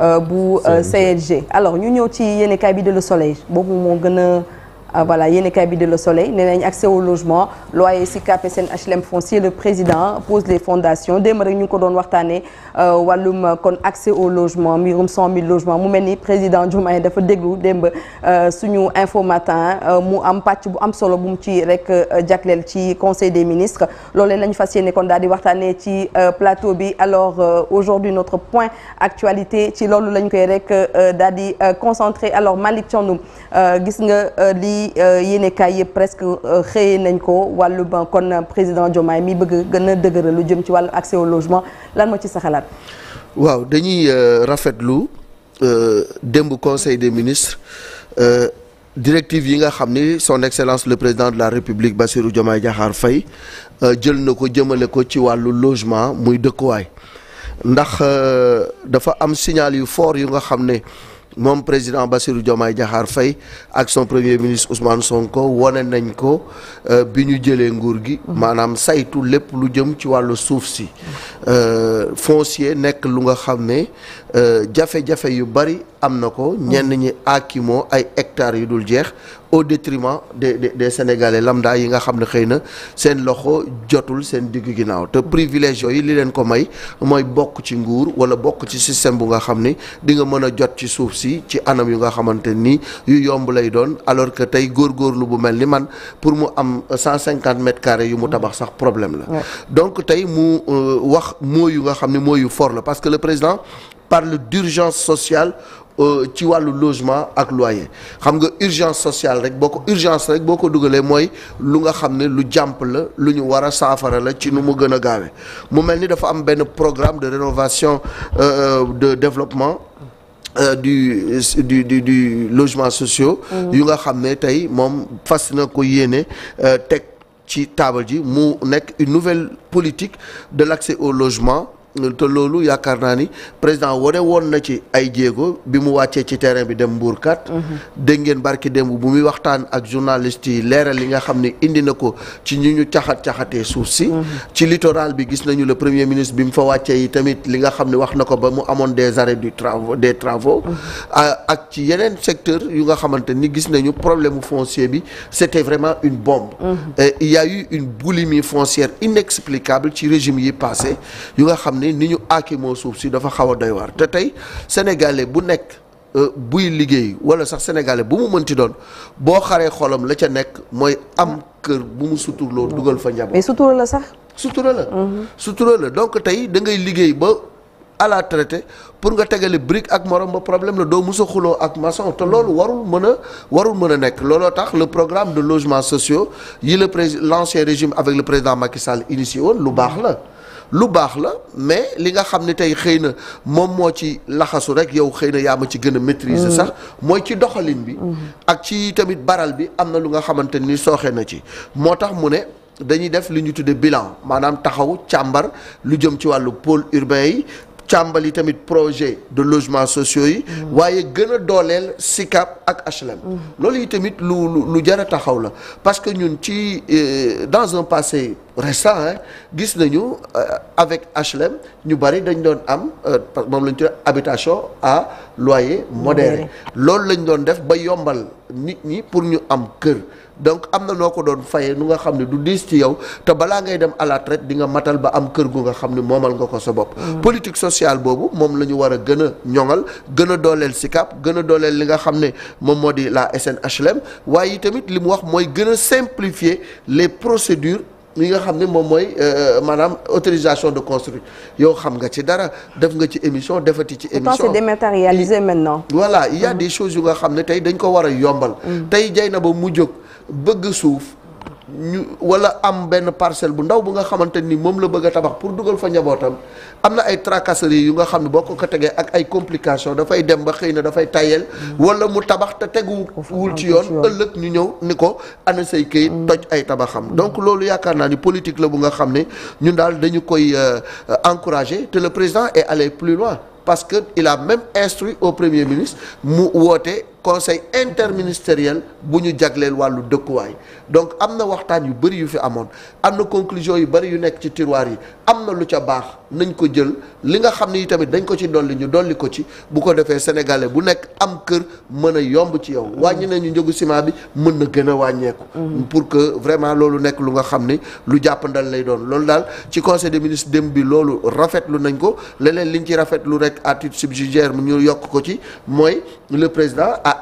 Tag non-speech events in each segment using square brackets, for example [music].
Euh, bu euh, CLG alors ñu ñëw ci yéenekaay bi de la Soleil boobu moo gën a Ah, voilà yéen kay bi de Le Soleil nee nañ accès au logement loyer SICAP SN HLM foncier le président pose les fondations démb rek ñu ko doon waxtaanee euh, wàllum kon accès au logement mbirum 100 mu mel ni président Diomaye dafa déglu dem euh, suñu info matin euh, mu am pàcc bu am solo bu mu ci rek jagleel ci conseil des ministres loolee lañu fas yéene kon daal di waxtaanee ci plateau bi alors aujourd'hui notre point actualité ci loolu lañ koy rek daal di concentré alors Malick Thiandoum gis nga lii. ci euh, yéenekaay yëpp presque euh, xëyee nañ ko wàllu ban kon euh, président Diomaye mi bëgg gën a dëgëral lu jëm ci wàllu accès au logement lan moo ci sa xalaat. waaw dañuy rafetlu démb conseil des ministre Euh, directive yi nga xam ni son excellence le président de la république Bassirou Diomaye jaxaar fay jël na ko jëmale ko ci wàllu logement muy dëkkuwaay ndax dafa am signal yu foor yu nga xam ne moom président Bassirou Diomaye Diakhar Faye ak son premier ministre Ousmane Sonko wone nañ ko euh, bi ñu jëlee nguur gi mhm. maanaam saytu lépp lu jëm ci wàllu suuf si euh, foncier nekk lu nga xam ne Euh, jafe-jafe yu bari am na ko ñenn ñi akimoo ay hectares yu dul jeex au détriment de de des sénégalais lambda yi nga xam ne xëy na seen loxo jotul seen digg ginnaaw te privilège yi li leen ko may mooy bokk ci nguur wala bokk ci système bu nga xam ni di nga mën a jot ci suuf si ci anam yu nga xamante nii yu yomb lay doon alors que tey góor góorlu bu mel ni man pour mu am cent cinquante mètres yu mu tabax sax problème la donc tey mu euh, wax mooy yu nga xam ne mooy yu fort la parce que le président parle d'urgence sociale euh, ci wàllu logement ak loyer xam nga urgence sociale rek boo ko urgence rek boo ko dugalee mooy lu nga xam ne lu jàmp la lu ñu war a saafara la ci nu mu gën a gaawee mu mel ni dafa am benn programme de rénovation euh, euh, de développement du du du du logement sociaux. Mm. yu nga xam ne tey moom fas na ko yéene teg ci taabal ji mu nekk une nouvelle politique de l'accès au logement te loolu yaakaar naa ni président wane woon na ci ay jéego bi mu wàccee ci terrain bi dem Mbourkat. dégg ngeen barki démb bu muy waxtaan ak journaliste yi leeral li nga xam ne indi na ko ci ñu ñu caxat caxatee suuf si. ci littoral bi gis nañu le premier ministre bi mu fa wàccee yi tamit li nga xam ne wax na ko ba mu amoon des arrêts du travaux des travaux. ak ci yeneen secteur yu nga xamante ni gis nañu problème foncier bi c'était vraiment une bombe. il y une boulimie ci régime ni ni ñu aakimoo suuf si dafa xaw a doy waar te tey sénégalais bu nekk euh, buy liggéey wala sax sénégalais bu mu mënti doon boo xaree xolam la ca nekk mooy am kër bu mu suturloo dugal fa njaboot. mais sutura la sax. sutura la. Mm-hmm. sutura la donc tey da ngay liggéey ba. à traité pour nga tegale brique ak morom ba problème la doo mus a xuloo ak maçon te loolu warul mën warul mën a nekk looloo tax le programme de logements sociaux yi le prés l'ancien régime avec le président Macky Sall initié woon lu baax la. lu baax la mais li nga xam ne tey xëy na moom moo ci laxasu rek yow xëy na yaa ma ci gën a maîtriser mm. sax mooy ci doxalin bi mm. ak ci tamit baral bi am na lu nga xamante ni sooxee na ci moo tax mu ne dañuy def li ñu tuddee bilan maanaam taxaw càmbar lu jëm ci wàllu pôle urbain yi càmbali tamit projet de logement sociaux yi. waaye gën a dooleel SICAP ak HLM. Mm. loolu yi tamit lu lu lu jar a taxaw la parce que ñun ci euh, dans un passé. récent hein gis nañu euh, avec HLM ñu bari dañ doon am euh, moom la ñu tuddee habitation à loyer modéré loolu lañ doon def ba yombal nit ñi pour ñu am kër donc am na noo ko doon fayee nu nga xam ne du diis ci yow te balaa ngay dem à la retraite nga matal ba am kër gu nga xam ne moomal nga ko sa bopp. Mm. politique sociale boobu moom la ñu war a gën a ñoŋal gën a dooleel si SICAP gën a dooleel li nga xam ne moom moo di la SNHLM waaye tamit li mu wax mooy gën a simplifier les procédures. li nga xam ne moom mooy euh, euh, maanaam autorisation de construire yow xam nga ci dara def nga ci émission defati ci émission pourtant c'est dématérialisé maintenant. voilà il y mm-hmm. yu nga xam ne tey dañ ko war a yombal. Mm-hmm. tey jay na ba mu bëgg suuf. ñu wala am benn parcelle bu ndaw bu nga xamante ni moom la bëgg a tabax pour dugal fa njabootam am na ay tracasseries yu nga xam ne boo ko ko tegee ak ay complications dafay dem ba xëy na dafay tayel mm. wala mu tabax te teguwul ci yoon ëllëg ñu ñëw ni ko ana say këyit mm. toj ay tabaxam mm. donc loolu yaakaar naa ni politique la bu nga xam ne ñun daal dañu koy euh, euh, encourager te le président et allé plus loin parce que il a même instruit au premier ministre mu woote conseil interministériel bu ñu jagleel wàllu dëkkuwaay donc am na waxtaan yu bëri yu fi amoon am na conclusion yu bëri yu nekk ci tiroir yi am na lu ca baax nañ ko jël li nga xam ne yi tamit dañ ko ci dolli ñu dolli ko ci bu ko defee sénégalais bu nekk am kër mën a yomb ci yow wàññi nañu njëgu ciment bi mën na gën a wàññeeku pour que vraiment loolu nekk lu nga xam ne lu jàppandal lay doon loolu daal ci conseil des ministres démb bi loolu rafetlu nañ ko leneen liñ ci rafetlu rek à titre subsidiaire ñu yokk ko ci mooy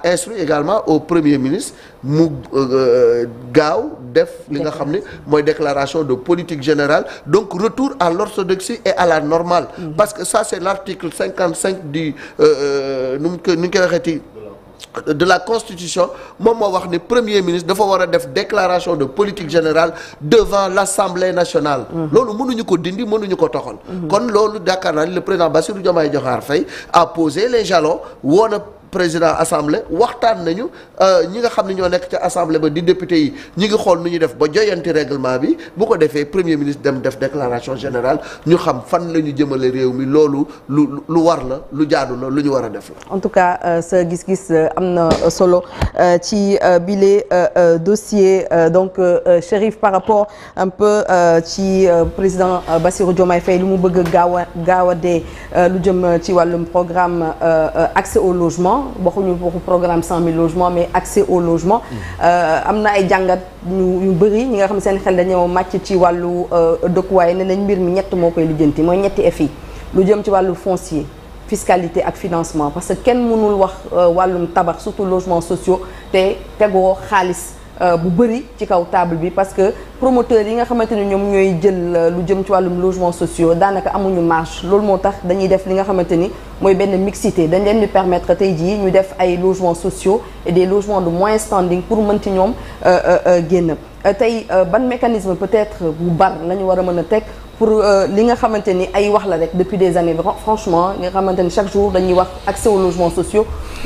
a instruit également au premier ministre mu euh, euh, gaaw def li nga xam ne mooy déclaration de politique générale donc retour à l'orthodoxie et à la normale mm-hmm. parce que ça c'est l'article cinquante cinq du euh, mu ko nu ñu koy waxeeti de la constitution moom moo wax ne premier ministre dafa war def déclaration de politique générale devant l'assemblée nationale mm-hmm. loolu mënuñu ko dindi mënuñu ko toxal mm-hmm. kon loolu yaakaar naa ni le président Bassirou Diomaye Diakhar Faye a posé les jalons woon a président assemblée waxtaan nañu euh, ñi nga xam ne ñoo nekk ca assemblée ba di député yi ñi ngi xool nu ñuy def ba joyanti réglement bi bu ko defee premier ministre dem def déclaration générale ñu xam fan la ñu jëmale réew mi loolu lu lu war la lu jaadu la lu ñu war a def la. en tout cas euh, sa gis-gis euh, am na solo ci bile dossier donc Chérif par rapport un peu ci président Bassirou Diomaye Faye lu mu bëgg gaaw a gaaw a dee lu jëm ci wàllum programme accès au logement. logement waxuñu waxu programme 100000 logements mais accès au logement. Euh, am na ay jàngat ñu ñu bëri ñi nga xam seen xel dañoo màcc ci wàllu euh, dëkkuwaay ne nañ mbir mi ñett moo koy lijjanti mooy ñetti effet lu jëm ci wàllu foncier. fiscalité ak financement parce que kenn mënul wax euh, wàllum tabax surtout logements sociaux te tegoo xaalis. Euh, bu bëri ci kaw table bi parce que promoteur yi nga xamante ni ñoom ñooy jël euh, lu jëm ci wàllum logement sociaux daanaka amuñu marche loolu moo tax dañuy def li nga xamante ni mooy benn mixité dañ leen ni permettre tey jii ñu def ay logements sociaux et des logements de moyen standing pour mën ci ñoom euh, génn tey ban mécanisme peut-être bu bar la ñu war a mën a teg pour li nga xamante ni ay wax la rek depuis des années franchement nga xamante ni chaque jour dañuy wax accès aux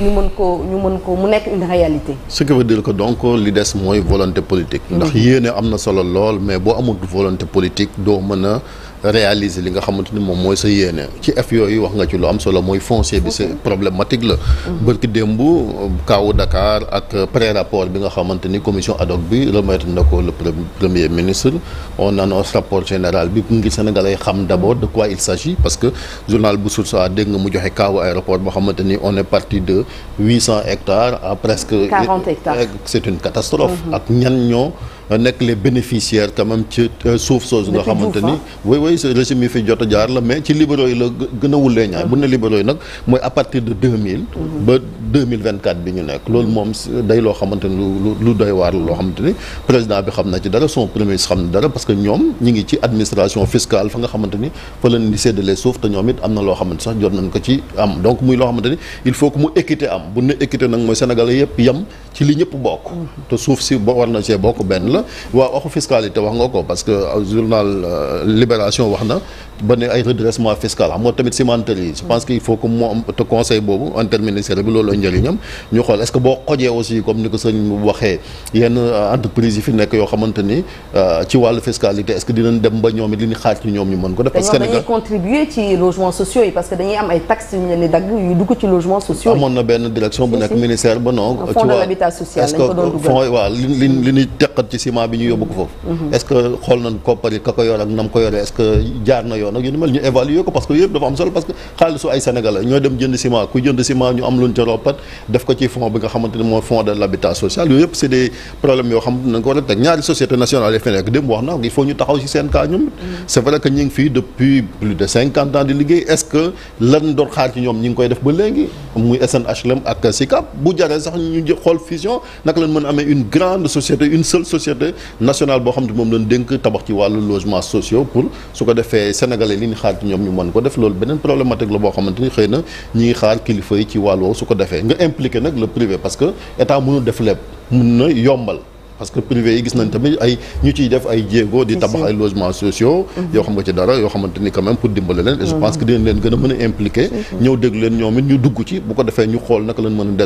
ñu mën ko ñu mën ko mu nekk une réalité. ce qui veut dire que donc li des mooy volonté politique. ndax mhm. yéene am na solo lool mais boo amul volonté politique doo mën a. réaliser li nga xamante ni moom mooy sa yéene ci F yooyu wax nga ci lu am solo mooy foncé bi c'est problématique la mm-hmm. bërki démb kaawu Dakar ak pré-rapport bi nga xamante ni commission ad hoc bi remettre na ko le premier ministre on annonce rapport général bi ngir Sénégalais ay xam d'abord de quoi il s'agit parce que journal bu Source A dégg nga mu joxe kaawu aéroport boo xamante ni on est parti de huit cent hectares à presque 40 c'est une catastrophe mm-hmm. ak ñan ñoo nekk les bénéficiaires quand ci euh, suuf soosu nga xamante ni oui oui régime yi fi jot a jaar la mais ci libéraux yi la gën a wulee ñaar bu ne libéraux yi nag mooy à partir de mille ba 2024 bi ñu nekk loolu moom day loo xamante ni lu lu doy waar la loo xamante ni président bi xam na ci dara son premier xam na dara parce que ñoom ñi ngi ci administration fiscale fa nga xamante ni fa lañ di séddalee suuf te ñoom it am na loo xamante sax jot nañ ko ci am donc muy loo xamante ni il faut que mu équité am équité nag mooy Sénégalais yëpp yem ci li ñëpp bokk. Mhm. te suuf si war na cee bokk benn la waaw waxu fiscalité wax nga ko parce que euh, journal euh, Libération wax na ba ne ay redressement fiscal xam nga tamit cimenterie yi. je pense que faut que mu am te conseil boobu interministériel bi loolu la ñu xool est boo xojee aussi comme ni ko sëñ waxee yenn euh, entreprise yi fi nekk yoo xamante ni ci wàllu fiscalité est que dinañ dem ba ñoom it li ñu xaaj ci ñoom ñu mën ko def. parce yi dugg ci logement capital fonds waaw li li li ci ciment bi ñu yóbbu ko foofu. Mhm. est ce que xool nañ koppar ka ko yor ak nam ko yore est ce que jaar na yoon ak yu ni ñu évaluer ko parce que yëpp dafa am solo parce que xaalisu ay sénégalais ñoo dem jënd ciment ku jënd ciment ñu am luñ ca roppat def ko ci fonds bi nga xamante mooy fonds de l' social yooyu yëpp c' est des yoo xam nañ ko war teg ñaari société nationale yi fi nekk wax na il faut ñu percussion naka lañ mën a amee une grande société une seule société nationale boo xam ne moom lañ dénk tabax ci wàllu logement sociaux pour su ko defee sénégalais li ñu xaar ci ñoom ñu mën ko def loolu beneen problématique la boo xamante ni xëy na ñi ngi xaar kilifa yi ci wàll woowu su ko defee nga impliqué nag le privé parce que état mënul def lépp mun na yombal parce que privé yi gis nañ tamit ay ñu ciy def ay jéego di tabax ay logements sociaux mhm. yoo xam nga ci dara yoo xamante ni quand même pour dimbale leen et je pense mhm. que dinañ leen mën dugg ci bu ko defee ñu xool mhm.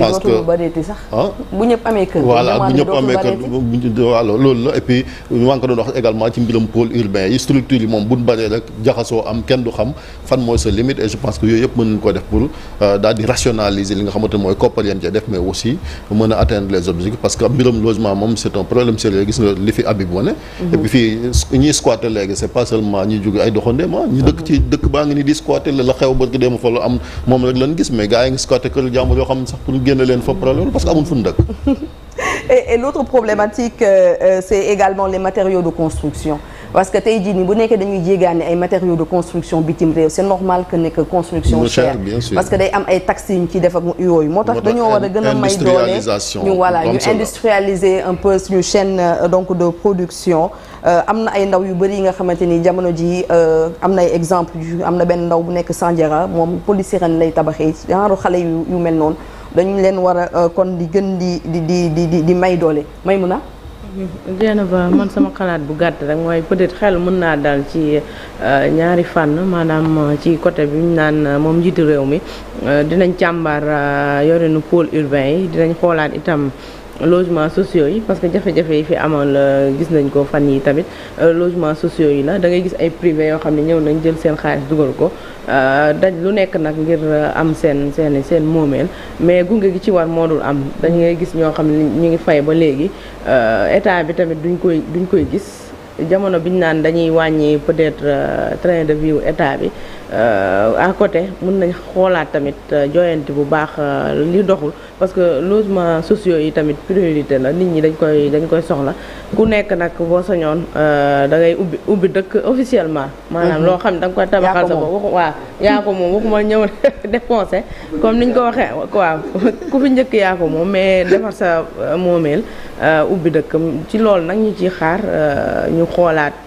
que ah ñëpp amee kër voilà bu ñëpp amee kër voilà loolu la et nañ ko def pour euh, daal di rationaliser li nga xamante mooy koppar yeen ca def mais aussi mën a atteindre les objectifs parce que mbiram logement moom c'est un problème sérieux gis nga li fi Habib wane mhm. et puis fii ñiy squatter léegi c'est pas seulement ñi jóge ay doxandeem ah, ñu dëkk ci mhm. dëkk baa ngi ni di squatter la xew ba dem fa am moom rek lañ gis mais gars yi ngi squatter kër jàmbur yoo xam sax pour génne leen fa problème parce que amul fu dëkk [laughs] et, l'autre problématique euh, euh c'est également parce que tey jii nii bu nekkee dañuy jéegaane ay matériaux de construction bitim réew c'est normal que nekk construction chère parce que day am ay taxes yu ñu ciy def ak yooyu moo tax dañoo war a gën a may doole ñu voilà ñu industrialiser un peu euh, donc de production euh, am na ay ndaw yu bëri yi nga xamante ni jamono ji euh, am na ay exemple yu am na benn ndaw bu nekk Sandiara moom policier lay tabaxee genre xale yu yu mel noonu dañu leen war a kon di gën di di di di di may doole may mun a Dieynaba man sama xalaat bu gàtt rek mooy peut-être xel mën naa dal ci euh, ñaari fànn maanaam euh, ci côté bi ñu naan euh, moom njiitu réew mi dinañ càmbar yorinu pôle urbain yi dinañ xoolaat itam. logements sociaux yi parce que jafe-jafe yi fi amoon la gis nañ ko fan yi tamit euh, logements sociaux yi la da ngay gis ay privé yoo xam ne ñëw nañ jël seen xaalis dugal ko euh, daj lu nekk nag ngir euh, am seen seen seen moomeel mais gunge gi ci war moo dul am dañ ngay gis ñoo xam ne ñu ngi fay ba léegi état bi tamit duñ koy duñ koy gis jamono biñ naan dañuy wàññi peut-être train de vie état bi à côté mun nañ xoolaat tamit joyanti bu baax li doxul parce que logement sociaux yi tamit priorité la nit ñi dañ koy dañ koy soxla ku nekk nag boo sañoon euh, da ngay ubbi ubbi dëkk officiellement maanaam mhm. loo xam ne da nga koy tabaxal sa bopp waxu waaw yaa ko moom waxuma ñëw [laughs] dépensé comme niñ ko waxee waaw ku fi njëkk yaa ko moom mais defar sa euh, moomeel euh, ubbi dëkk ci loolu nag ñu ciy xaar ñu xoolaat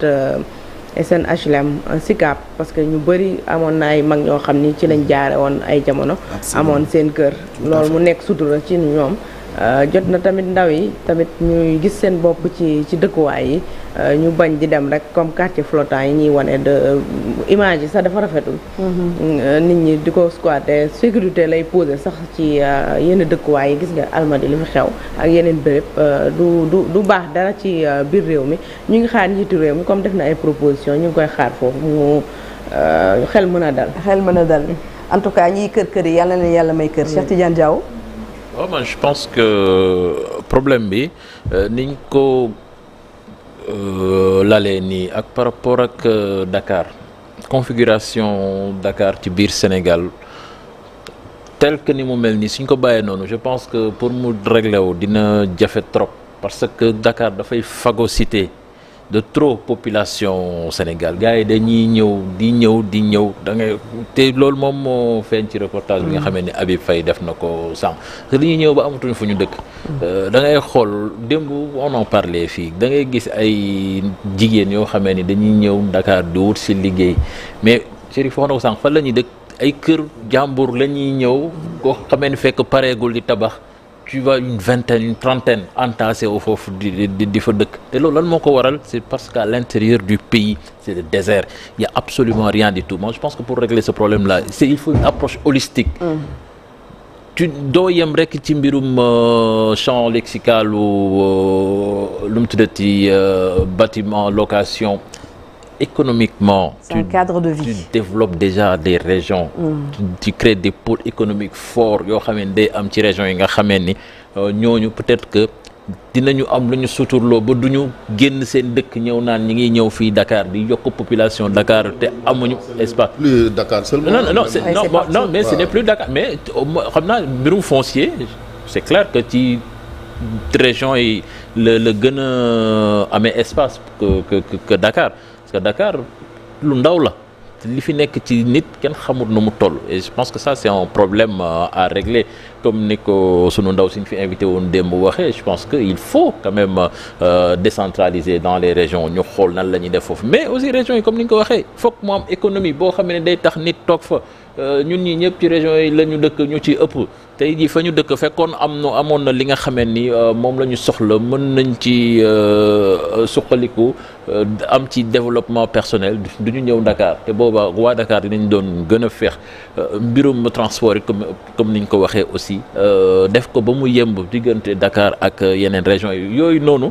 SN HLM euh, SICAP parce que ñu bëri amoon na ay mag ñoo xam ni ci lañ jaare woon ay jamono amoon seen kër loolu mu nekk sutura ci ñoom Euh, jot na tamit ndaw yi tamit ñuy gis seen bopp ci ci dëkkuwaay yi euh, ñu bañ di dem rek comme quartier flottant yi ñuy wane de euh, image yi sax dafa rafetul. Mm-hmm. nit ñi di ko squatter sécurité lay poser sax ci yenn dëkkuwaay yi gis nga almadi li fi xew ak yeneen béréb du du du baax dara ci biir réew mi ñu ngi xaar njiitu réew mi comme def na ay proposition ñu ngi koy xaar foofu mu xel mën a dal. xel mën a dal mm. en tout cas kër kër yi yàlla na yàlla may kër. Mm. Cheikh Tidiane Diaw. waaw man je pense que euh, problème bi euh, niñ ko euh, lalee nii ak par rapport ak dakaar configuration Dakar ci biir Sénégal tel que ni mu mel nii suñ ko bàyyee noonu je pense que pour mu régler wu dina jafe trop parce que dakaar dafay phagocyté de trop population Sénégal gars yi dañuy ñëw di ñëw di ñëw da ngay te loolu moom moo feeñ ci reportage bi nga mm. xamee ni abi fay def na ko sànq te li ñuy ñëw ba amatuñu fu ñu dëkk. Euh, da ngay xool démb on en fii da ngay gis ay jigéen yoo xamee ni dañuy ñëw ndakaar di wut si liggéey mais Chérif wax na ko sànq fan la ñuy dëkk ay kër jàmbur la ñuy ñëw koo xamee ni fekk pareegul di tabax. tu vois une vingtaine une trentaine entassés au foofu di di fa dëkk te loolu lan moo ko waral c'est parce qu'à l'intérieur du pays c'est le désert il y a absolument rien du tout moi je pense que pour régler ce problème là c'est il faut une approche holistique mm. doo yem rek ci mbirum euh, champ lexical ou euh, lu mu tuddati euh, bâtiment location économiquement, tu, un cadre de vie. tu déjà des régions, ci mm. tu, tu, crées des pôles économiques forts, yo xamné day am ci région yi nga xamee ni euh, ñooñu peut-être que dinañu am lu ñu suturloo ba du ñu génn seen dëkk ñëw naan ñi ngi ñëw fii Dakar di yokk population Dakar te amuñu espace. plus Dakar seulement. mais ce n'est plus Dakar mais xam naa mbirum foncier c'est clair que ci région yi la la gën a amee espace que Dakar. que Dakar lu ndaw la li fi nekk ci nit kenn xamul nu mu toll et je pense que ça c'est un problème euh, à régler comme ni ko sunu ndaw suñ fi invité woon démb waxee je pense que il faut quand même euh, décentraliser dans les régions ñu xool nan la ñuy def foofu mais aussi région yi comme ni nga ko waxee foog moom am économie boo xam ne day tax nit toog fa Euh, ñun ñi ñëpp ci région yi la ñu dëkk ñu ci ëpp tey jii fa ñu dëkk fekkoon am na amoon na li nga xamee ni euh, moom la ñu soxla mën nañ ci euh, suqaliku am ci développement personnel du ñu ñëw Dakar te boobaa waa Dakar dinañ doon gën a feex mbirum transport yi comme comme niñ ko waxee aussi def ko ba mu yemb diggante Dakar ak yeneen région yi yooyu noonu.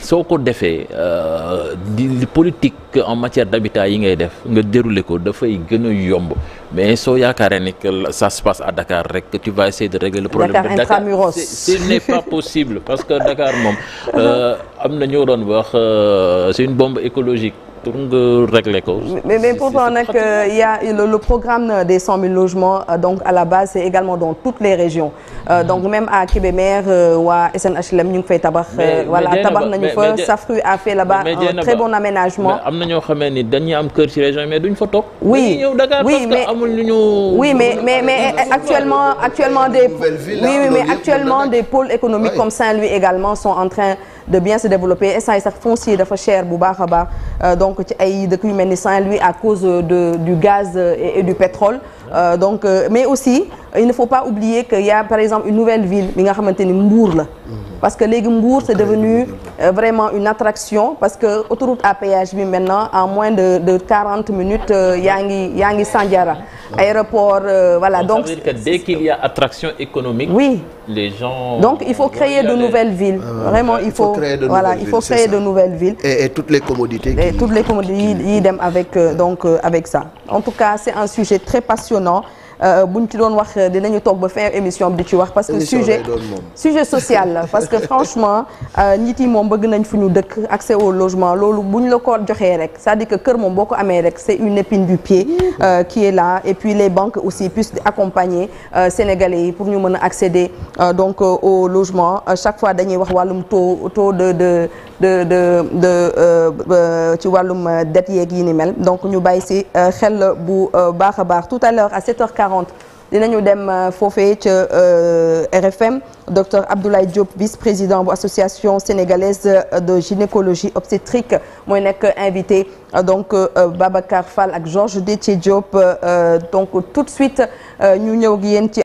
soo ko defee euh, di politique en matière d'habitat yi ngay def nga dérouler ko dafay gën a yomb mais soo yaakaaree ni que ça se passe à Dakar rek que tu vas essayer de régler le problème Dakar intramuros ce n'est pas [laughs] possible parce que Dakar moom euh, am na ñoo doon wax euh, c'est une bombe écologique pour nga régler ko. mais mais pourtant nag euh, il y a le, programme euh, des 100 000 logements euh, donc à la base c'est également dans toutes les régions. Euh, mm-hmm. donc même à Kébémer waa SNHLM ñu ngi fay tabax. voilà tabax nañu fa Safru a fait là-bas un très bon aménagement. am na ñoo xamee ni dañuy am kër ci région mais duñ fa toog. oui mais mais mais actuellement actuellement des. oui mais actuellement des pôles économiques comme Saint-Louis également sont en train. de bien se développer instant yi sax foncier dafa cher bu baax a baax euh, donc ci ay dëkk yu mel ni Saint-Louis à cause de du gaz et, euh, et du pétrole euh, donc mais aussi il ne faut pas oublier que y a par exemple une nouvelle ville bi nga xamante ni Mbour la parce que léegi Mbour c'est devenu vraiment une attraction parce que autoroute à péage bi maintenant en moins de de 40 minutes yaa ngi yaa ngi Sandiara aéroport euh, voilà donc. ça veut dire que dès qu'il y a attraction économique. oui les gens. donc il faut créer de nouvelles villes. vraiment il faut voilà il faut créer de nouvelles villes. et toutes les commodités. et toutes les commodités yi dem avec euh, donc euh, avec ça en tout cas c'est un sujet très passionnant. bu euh, buñ ci doon wax dinañu toog ba fin émission bi di ci wax parce que sujet sujet social la parce que [laughs] franchement euh, nit yi moom bëgg nañ fu ñu dëkk accès au logement loolu ñu la ko joxee rek cest dire que kër moom boo ko amee rek c'est une épine du pied euh, qui est la et puis les banques aussi puissent accompagner euh, Sénégalais yi pour ñu mën a accéder euh, donc au logement chaque fois dañuy wax wàllum taux taux de de de de de ci wàllum dette yeeg yi ni mel donc ñu bàyyi si xel bu baax a baax 40 dinañu dem euh, foofee euh, RFM docteur Abdoulaye Diop vice-président bu association sénégalaise euh, de gynécologie obstétrique mooy nekk invité donc Babacar Fall ak Georges Déthié Diop donc tout de suite ñu ñëw ak